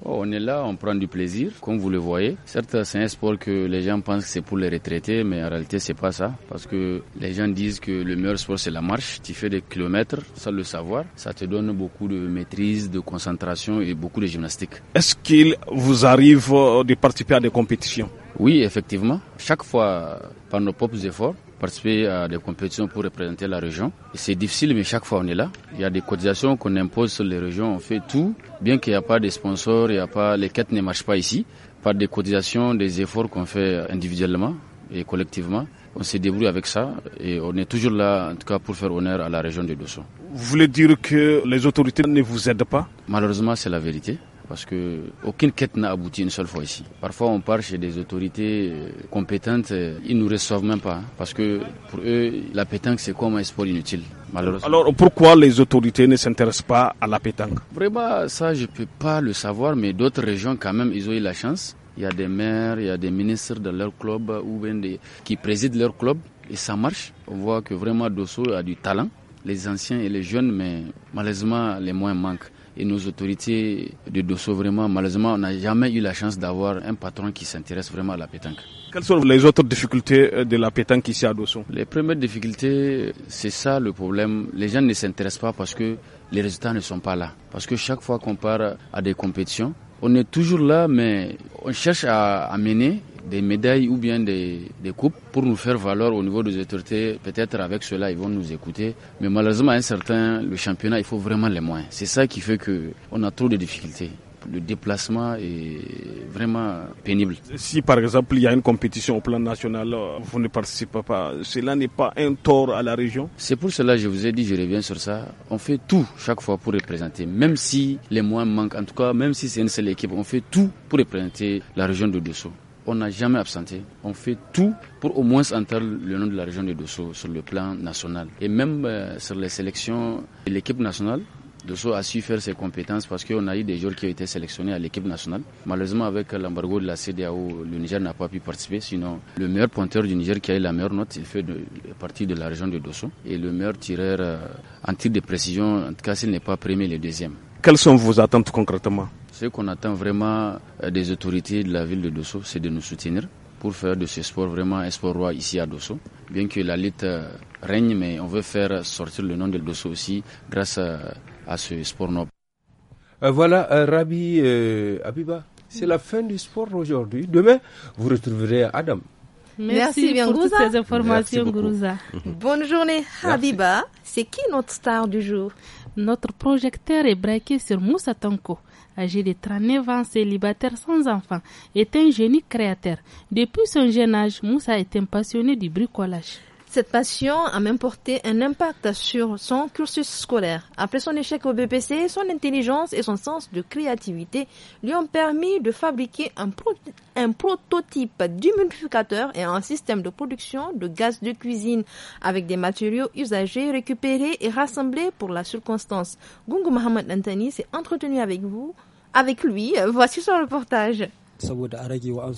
Oh, on est là, on prend du plaisir, comme vous le voyez. Certes, c'est un sport que les gens pensent que c'est pour les retraités, mais en réalité, c'est pas ça. Parce que les gens disent que le meilleur sport, c'est la marche. Tu fais des kilomètres sans le savoir. Ça te donne beaucoup de maîtrise, de concentration et beaucoup de gymnastique. Est-ce qu'il vous arrive de participer à des compétitions Oui, effectivement. Chaque fois, par nos propres efforts, participer à des compétitions pour représenter la région. C'est difficile, mais chaque fois on est là. Il y a des cotisations qu'on impose sur les régions, on fait tout. Bien qu'il n'y a pas de sponsors, il a pas, les quêtes ne marchent pas ici. Par des cotisations, des efforts qu'on fait individuellement et collectivement, on se débrouille avec ça et on est toujours là, en tout cas, pour faire honneur à la région de Dosso. Vous voulez dire que les autorités ne vous aident pas Malheureusement, c'est la vérité parce que aucune quête n'a abouti une seule fois ici. Parfois, on part chez des autorités euh, compétentes, euh, ils ne nous reçoivent même pas, hein. parce que pour eux, la pétanque c'est comme un sport inutile. Malheureusement. Alors pourquoi les autorités ne s'intéressent pas à la pétanque Vraiment, ça je ne peux pas le savoir, mais d'autres régions quand même, ils ont eu la chance. Il y a des maires, il y a des ministres de leur club ou bien des, qui président leur club et ça marche. On voit que vraiment Dosso a du talent, les anciens et les jeunes, mais malheureusement les moins manquent et nos autorités de Dosso, vraiment, malheureusement, on n'a jamais eu la chance d'avoir un patron qui s'intéresse vraiment à la pétanque. Quelles sont les autres difficultés euh, de la pétanque ici à Dosso Les premières difficultés, c'est ça le problème. Les gens ne s'intéressent pas parce que les résultats ne sont pas là. Parce que chaque fois qu'on part à des compétitions, on est toujours là, mais on cherche à, amener mener des médailles ou bien des, coupes pour nous faire valoir au niveau des autorités. Peut-être avec cela, ils vont nous écouter. Mais malheureusement, un certain, le championnat, il faut vraiment les moins. C'est ça qui fait que on a trop de difficultés. Le déplacement est vraiment pénible. Si par exemple il y a une compétition au plan national, vous ne participez pas, cela n'est pas un tort à la région C'est pour cela que je vous ai dit, je reviens sur ça. On fait tout chaque fois pour représenter, même si les moins manquent, en tout cas, même si c'est une seule équipe, on fait tout pour représenter la région de dessous on n'a jamais absenté. On fait tout pour au moins entendre le nom de la région de Dosso sur le plan national. Et même euh, sur les sélections, de l'équipe nationale, Dosso a su faire ses compétences parce qu'on a eu des joueurs qui ont été sélectionnés à l'équipe nationale. Malheureusement, avec l'embargo de la CDAO, le Niger n'a pas pu participer. Sinon, le meilleur pointeur du Niger qui a eu la meilleure note, il fait de, partie de la région de Dosso. Et le meilleur tireur euh, en titre de précision, en tout cas, s'il n'est pas premier, le deuxième. Quelles sont vos attentes concrètement ce qu'on attend vraiment euh, des autorités de la ville de Dosso, c'est de nous soutenir pour faire de ce sport vraiment un sport roi ici à Dosso. Bien que la lutte euh, règne, mais on veut faire sortir le nom de Dosso aussi grâce à, ce sport noble. Euh, voilà, Rabi Habiba, c'est la fin du sport aujourd'hui. Demain, vous retrouverez Adam. Merci, Merci bien pour toutes ces informations, Gourouza. Mhm. Bonne journée, Habiba. C'est qui notre star du jour Notre projecteur est braqué sur Moussa Tanko âgé de 39 ans, célibataire sans enfant, est un génie créateur. Depuis son jeune âge, Moussa est un passionné du bricolage. Cette passion a même porté un impact sur son cursus scolaire. Après son échec au BPC, son intelligence et son sens de créativité lui ont permis de fabriquer un, un prototype d'humidificateur et un système de production de gaz de cuisine avec des matériaux usagés récupérés et rassemblés pour la circonstance. Gungu Mohamed Nantani s'est entretenu avec vous avec lui. Euh, voici son reportage. saboda a rage wa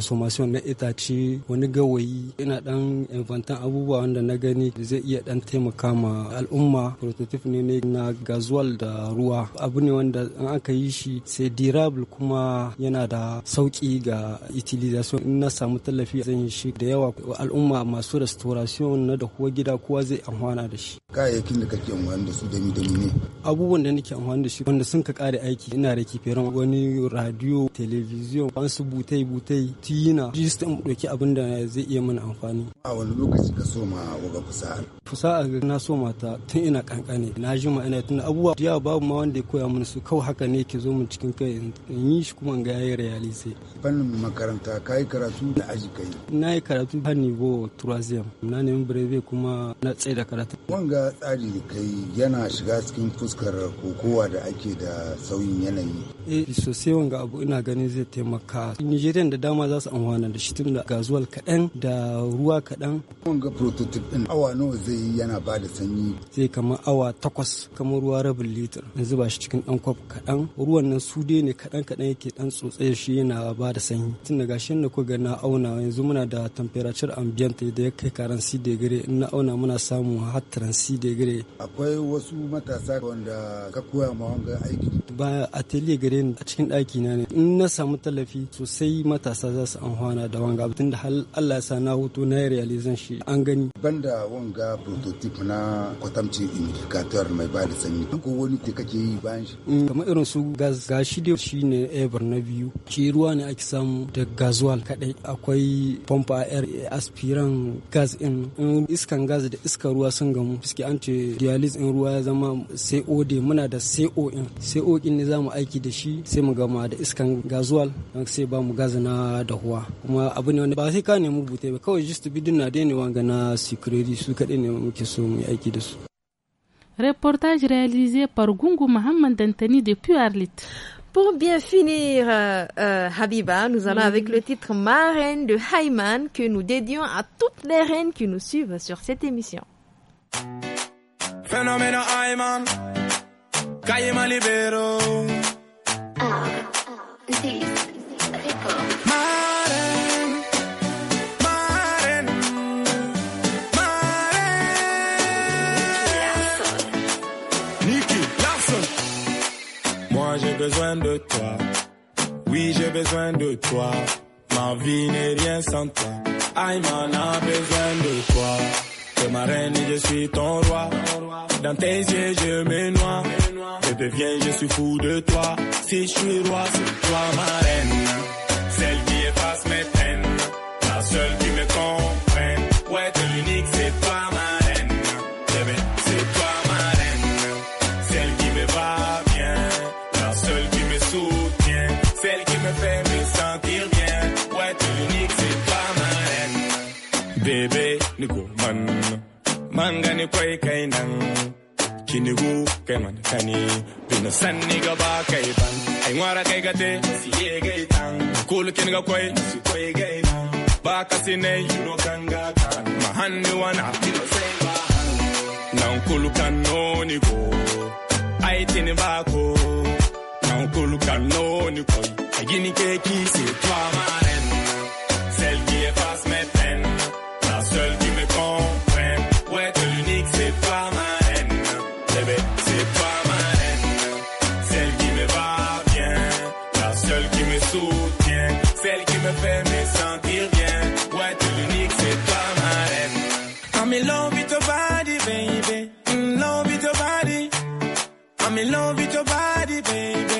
su na itace wani gawayi ina dan infantan abubuwa wanda na gani zai iya dan taimaka ma al'umma prototype ne ne. na gazuwal da ruwa abu ne wanda an aka yi shi sai durable kuma yana da sauki ga utilization in na samu tallafi zan yi shi da yawa al'umma masu restoration na da kuwa gida kowa zai amfana da shi kayayyakin da kake amfani da su dami dami ne abubuwan da nake amfani da shi wanda sun ka kare aiki ina da kifiran wani radio television vision wasu butai butai tiyina jista mu ɗauki abin da zai iya mana amfani. A wani lokaci ka soma waga a Fusa'a na soma ta tun ina kankane na ji ma ina tun abubuwa da babu ma wanda ya koya mana su kawai haka ne ke zo mun cikin kai in yi shi kuma ga yayi realise. Fannin makaranta ka yi karatu da aji ka yi? Na yi karatu har nivo turaziyam na nemi birebe kuma na tsaye da karatu. Wanga tsari da kai yana shiga cikin fuskar kokowa da ake da sauyin yanayi. Eh sosai wanga abu ina ganin zai zai taimaka nigerian da dama za su amfana da shi tunda gazuwal kaɗan da ruwa kaɗan ga prototype din awa nawa zai yi yana ba da sanyi zai kama awa takwas kamar ruwa rabin litir in zuba shi cikin dan kwaf kadan. ruwan nan su dai ne kaɗan kaɗan yake dan tsotse shi yana ba da sanyi tun daga shi da kuka na auna yanzu muna da temperature ambient da ya kai karan si degree in na auna muna samu har tran si degree akwai wasu matasa wanda ka koya ma wanga aiki ba atelier gare a cikin ɗaki na ne in na samu samu tallafi sosai matasa za su amfana da wanga tun da hal Allah ya sa na hutu na realizan shi an gani banda wanga prototype na kwatamcin indicator mai ba da sanyi ko wani ke kake yi bayan shi mm, kamar irin su gas gashi shi ne ever na biyu shi ruwa ne ake samu da gazuwal kadai akwai pompa air aspiran gas in iskan gas da iskan ruwa sun gamu fiske an ce dialysis in ruwa ya zama COD muna da CO in CO in ne zamu aiki da shi sai mu gama da iskan gazuwa gazuwal don sai ba mu gazi na dahuwa kuma abu ne wanda ba sai ka nemi bute ba kawai just bidin na dai ne wanga na security su kaɗai ne muke so mu aiki da su. Reportage réalisé par Gungu Mohamed Dantani depuis Arlit. Pour bien finir, euh, euh, Habiba, nous allons avec le titre Ma Reine de Hayman que nous dédions à toutes les reines qui nous suivent sur cette émission. Phénomène Hayman, Libero. Ah. Niki Larson. Moi j'ai besoin de toi. Oui, j'ai besoin de toi. Ma vie n'est rien sans toi. Ayman a besoin de toi. T'es ma reine et je suis ton roi. Dans tes yeux, je me noie. Je viens, je suis fou de toi. Si je suis roi, c'est toi ma reine. Celle qui efface mes peines. La seule qui me compte. man gani kwai kai nan kinigu kai man kani bin san ga ba kai ban ai ngwara kai gate si ye gai tan kul kin ga kwai si kwai gai nan ba ka sine yuno kanga kan mahanni wana kilo sai ba nan kul kan noni go ai tin ba ko nan kul kan noni ko gini keki si twa maren selgie pas meten I'm in love with your body, baby. In mm, love with your body. I'm in love with your body, baby.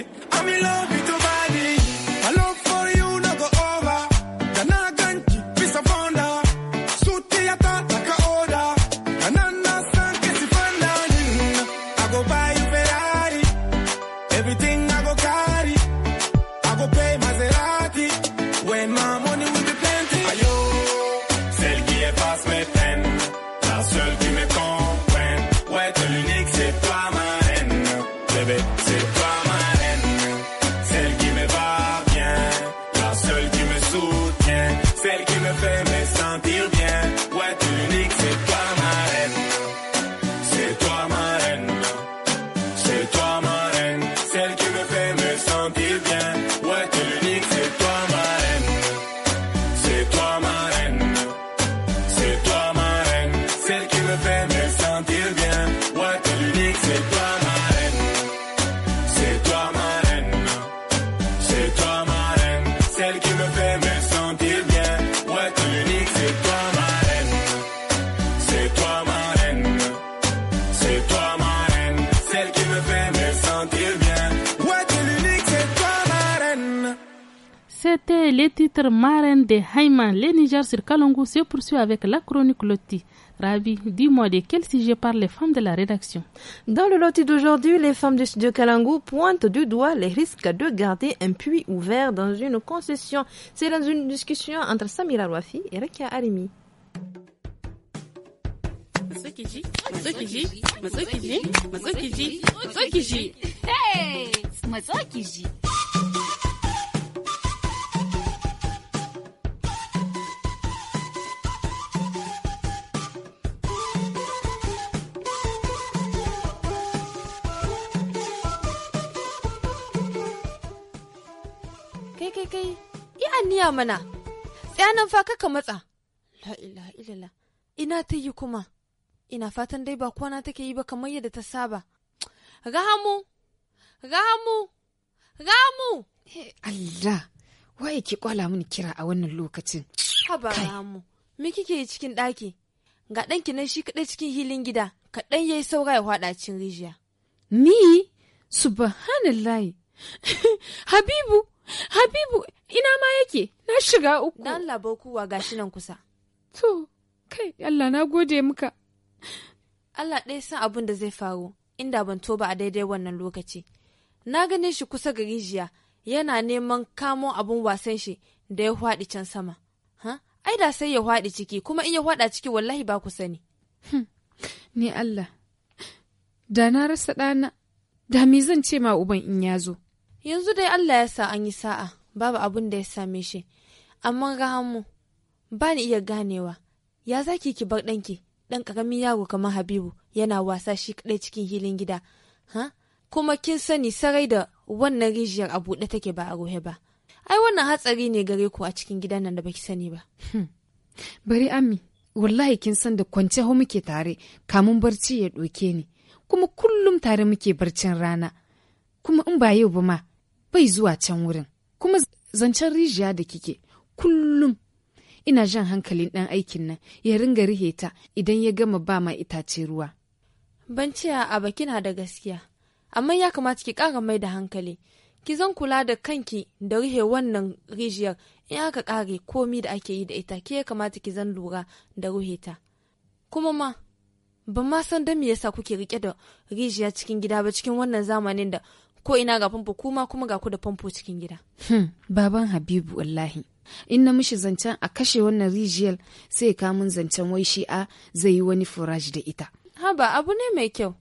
Marraine de Haïman, les Niger sur Kalangu se poursuit avec la chronique Loti. Ravi, dis-moi de quel sujet parlent les femmes de la rédaction. Dans le loti d'aujourd'hui, les femmes du studio Kalango pointent du doigt les risques de garder un puits ouvert dans une concession. C'est dans une discussion entre Samira Rouafi et Rekia Arimi. Hey tsaya mana tsanan fa kaka matsa La’ila, ilaha ina ta yi kuma ina fatan dai ba kwana take yi ba kamar yadda ta saba ramu ramu ramu eh, Allah waye ki kwala mini kira a wannan lokacin haba ramu me kike yi cikin ɗaki ga ɗanki nan shi kaɗai cikin hilin gida kaɗan yayi saura ya haɗa cin rijiya ni subhanallah, habibu Habibu, ina ma yake, na shiga uku. Dan kuwa ga shi nan kusa. To, kai, Allah na gode muka. Allah ɗaya san abin da zai faru, inda ban to ba a daidai wannan lokaci. Na gane shi kusa ga rijiya, yana neman kamo abin wasan shi da ya hwaɗi can sama. Ai da sai ya hwaɗi ciki, kuma in ya hwaɗa ciki wallahi ba ku sani. Hmm. Ni Allah, da na rasa ɗana, da me zan ce ma uban in ya zo. yanzu dai Allah ya sa an yi sa'a babu abin da ya same shi amma ga hannu ba ni iya ganewa ya zaki ki bar ɗanki ɗan ƙaramin yaro kamar habibu yana wasa shi kaɗai cikin hilin gida ha kuma kin sani sarai da wannan rijiyar a buɗe take ba a rohe ba ai wannan hatsari ne gare ku a cikin gidan nan da baki sani ba hmm. bari ami wallahi kin san da kwance ho muke tare kamun barci ya ɗoke ni kuma kullum tare muke barcin rana kuma in ba yau ba ma bai zuwa can wurin kuma zancen rijiya da kike kullum ina jan hankalin ɗan aikin nan ya ringa riheta idan ya gama ba ma itace ruwa. Ban ce a kina da gaskiya, amma ya kamata ki kara mai da hankali. Ki zan kula da kanki da rihe wannan rijiyar in aka ƙare komi da ake yi da ita ke ya kamata ki zan lura da ruhe Kuma ma, ban ma san don me yasa kuke rike da rijiya cikin gida ba cikin wannan zamanin da ko ina ga famfo kuma kuma ga ku da famfo cikin gida. Hmm, baban Habibu wallahi. In na mishi zancen a kashe wannan rijiyar sai ya kamun zancen wai shi a zai yi wani furaji da ita. Haba abu ne mai kyau,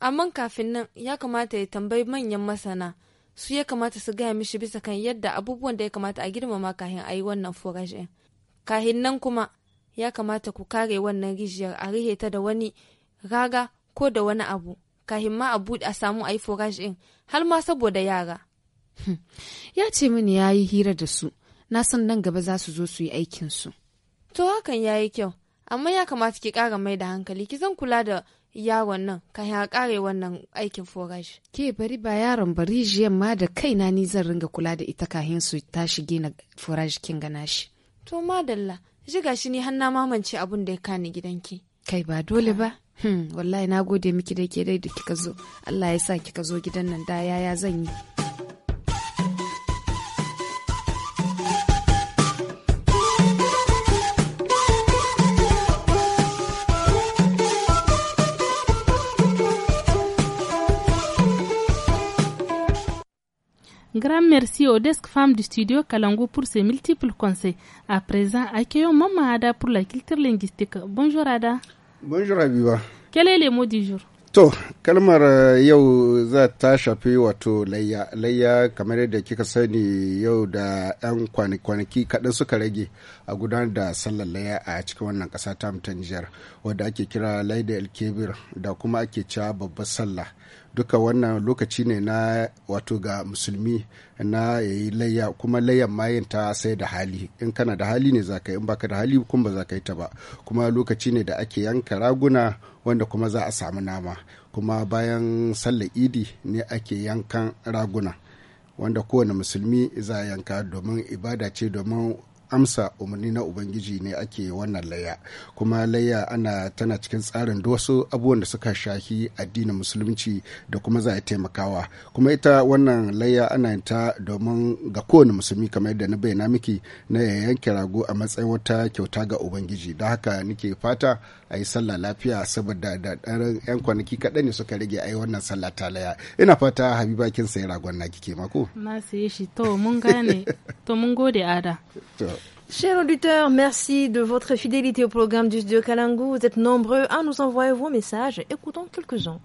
amma kafin nan ya kamata ya tambayi manyan masana su ya kamata su gaya mishi bisa kan yadda abubuwan da ya kamata a girmama kahin a yi wannan furaji ɗin. Kahin nan kuma ya kamata ku kare wannan rijiyar a rihe ta da wani raga ko da wani abu kahin ma a buɗe a samu a yi forage ɗin har ma saboda yara. Hmm. ya ce mini ya yi hira da su na san nan gaba za su zo su yi aikin su. to hakan ya yi kyau amma ya kamata ki ƙara mai da hankali ki zan kula da yaron nan kahin a ƙare wannan aikin forage. ke bari ba yaron bari jiyan ma da kaina ni zan ringa kula da ita kahin su ta shige gina forage kin gana shi. to madalla jiga shi ne har na mamance abun da ya kani gidanki. kai ba dole ba. hmm wallahi na gode miki da ke dai da kika zo Allah ya sa kika zo gidan nan da yaya zan yi Grand merci aux desk femmes du studio Kalango pour ses multiples conseils. À présent, accueillons Maman Ada pour la culture linguistique. Bonjour Ada. Bonjour Habiba. Quel est le mot du jour? To, kalmar eh, yau za ta shafi wato layya. Layya kamar yadda kika sani yau da 'yan kwanaki kaɗan suka rage a gudanar da sallar layya a cikin wannan ƙasa ta Nijar, wadda ake kira Laida El Kebir da kuma ake cewa babbar sallah. duka wannan lokaci ne na wato ga musulmi na yayi layya kuma layyan mayin ta sai da hali in kana da hali ne za ka in baka da hali kuma ba za ka yi ta ba kuma lokaci ne da ake yanka raguna wanda kuma za a samu nama kuma bayan sallar idi ne ake yankan raguna wanda kowane musulmi za a yanka domin ibada ce domin amsa umarni na ubangiji ne ake wannan layya kuma layya ana tana cikin tsarin da wasu abubuwan da suka shahi addinin musulunci da kuma za a taimakawa kuma ita wannan layya ana ta domin ga kowane musulmi kamar yadda na bayyana miki na yanke rago a matsayin wata kyauta ga ubangiji don haka nike fata a yi sallah lafiya saboda da ɗan 'yan kwanaki kaɗan ne suka rage a yi wannan sallah ta laya ina fata habiba kin sayi ragon na kike mako na saye shi to mun gane to mun gode ada to Chers auditeurs, merci de votre fidélité au programme du studio Kalangu. Vous êtes nombreux à nous envoyer vos messages. Écoutons quelques-uns.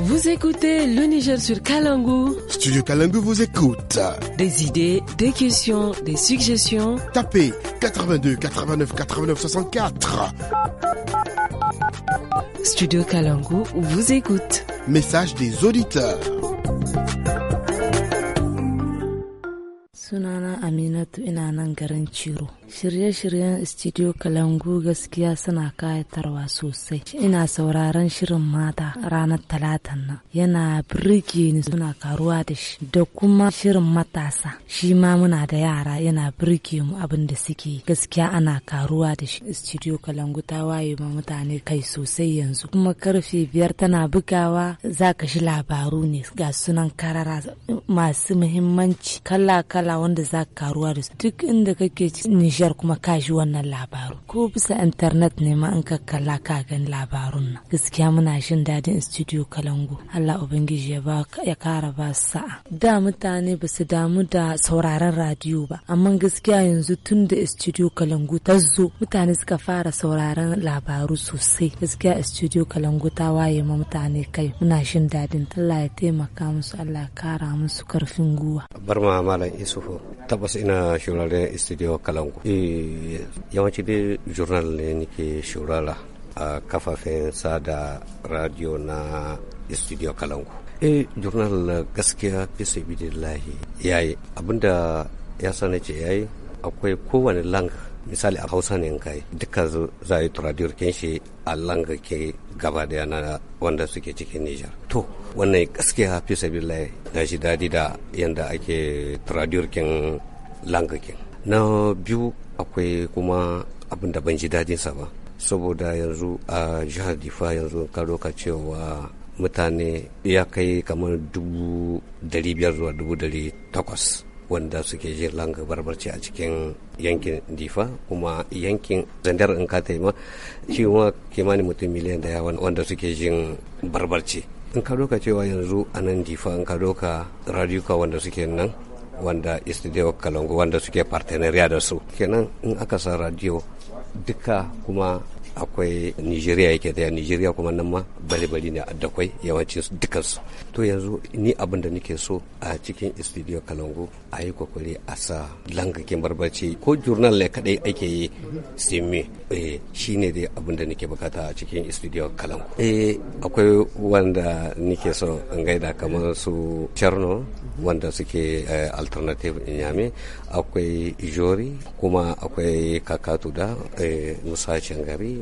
Vous écoutez le Niger sur Kalangu. Studio Kalangu vous écoute. Des idées, des questions, des suggestions. Tapez 82 89 89 64. Studio Kalangu vous écoute. Message des auditeurs. sunana aminatu ina nan garin ciro Shirye-shiryen Studio Kalangu gaskiya suna kayatarwa sosai. Ina sauraron shirin mata ranar talatan nan. Yana birge ni suna karuwa da shi. Da kuma shirin matasa shi ma muna da yara yana birge mu abin da suke gaskiya ana karuwa da shi. Studio Kalangu ta waye ma mutane kai sosai yanzu. Kuma karfe biyar tana bugawa za ka shi labaru ne ga sunan karara masu muhimmanci kala-kala wanda za ka karuwa da su. Duk inda kake ci yar kuma kashi wannan labaru. Ko bisa internet ne ma an kakkalla ka gani labarun nan. Gaskiya muna shin dadin studio Kalangu. Allah Ubangiji ya ba ya kara ba sa'a. Da mutane ba su damu da sauraron radio ba, amma gaskiya yanzu tun da studio Kalangu ta zo mutane suka fara sauraron labaru sosai. Gaskiya studio Kalangu ta waye ma mutane kai. Muna shin dadin Allah ya taimaka musu Allah ya kara musu karfin guwa. ma Malam Isufu tabbas ina shuraren studio Kalangu. Eh, yawanci dai journal ne nake shurara a kafafen sada radio na studio kalangu eh journal gaskiya fi ya yi abinda ya sana ce yi akwai kowane lang misali a hausa ne kai duka za a yi turadir shi a lang ke gaba da yana wanda suke cikin Nijar. To, wannan gaskiya fi lahi na shi dadi da yadda ake turadir kin langa na biyu akwai kuma abin da ban ji dadinsa ba saboda yanzu a jihar difa yanzu ka roka cewa mutane ya kai kamar dubu dari biyar zuwa dubu dari takwas wanda suke jin langa barbarci a cikin yankin difa kuma yankin zandar in ka taima shi kuma kimanin mutum miliyan da yawa wanda suke jin barbarci in ka doka cewa yanzu a nan difa in ka doka ka wanda suke nan wanda istidiyo kalangu wanda suke partenariya da su kenan in aka san radio duka kuma akwai nigeria yake daya nigeria kuma nan ma bari-bari ne da kwai yawancin dukansu to yanzu ni abin da nake so a cikin studio kalangu a yi kokari a sa langakin barbarci ko jurnal ne kadai ake yi simi eh, shi ne dai abin da nake bukata a cikin studio kalangu eh akwai wanda nake so in gaida kamar su charno wanda suke eh, alternative yami akwai jori kuma akwai kakatu da eh, musa gari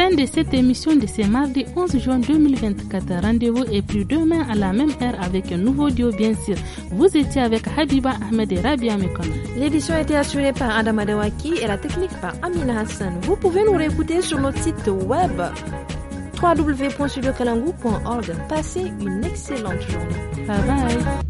Fin de cette émission de ce mardi 11 juin 2024. Rendez-vous et plus demain à la même heure avec un nouveau duo, bien sûr. Vous étiez avec Hadiba Ahmed et Rabia L'édition a été assurée par Adam Adewaki et la technique par Amina Hassan. Vous pouvez nous réécouter sur notre site web www.sudokalangu.org. Passez une excellente journée. Bye bye.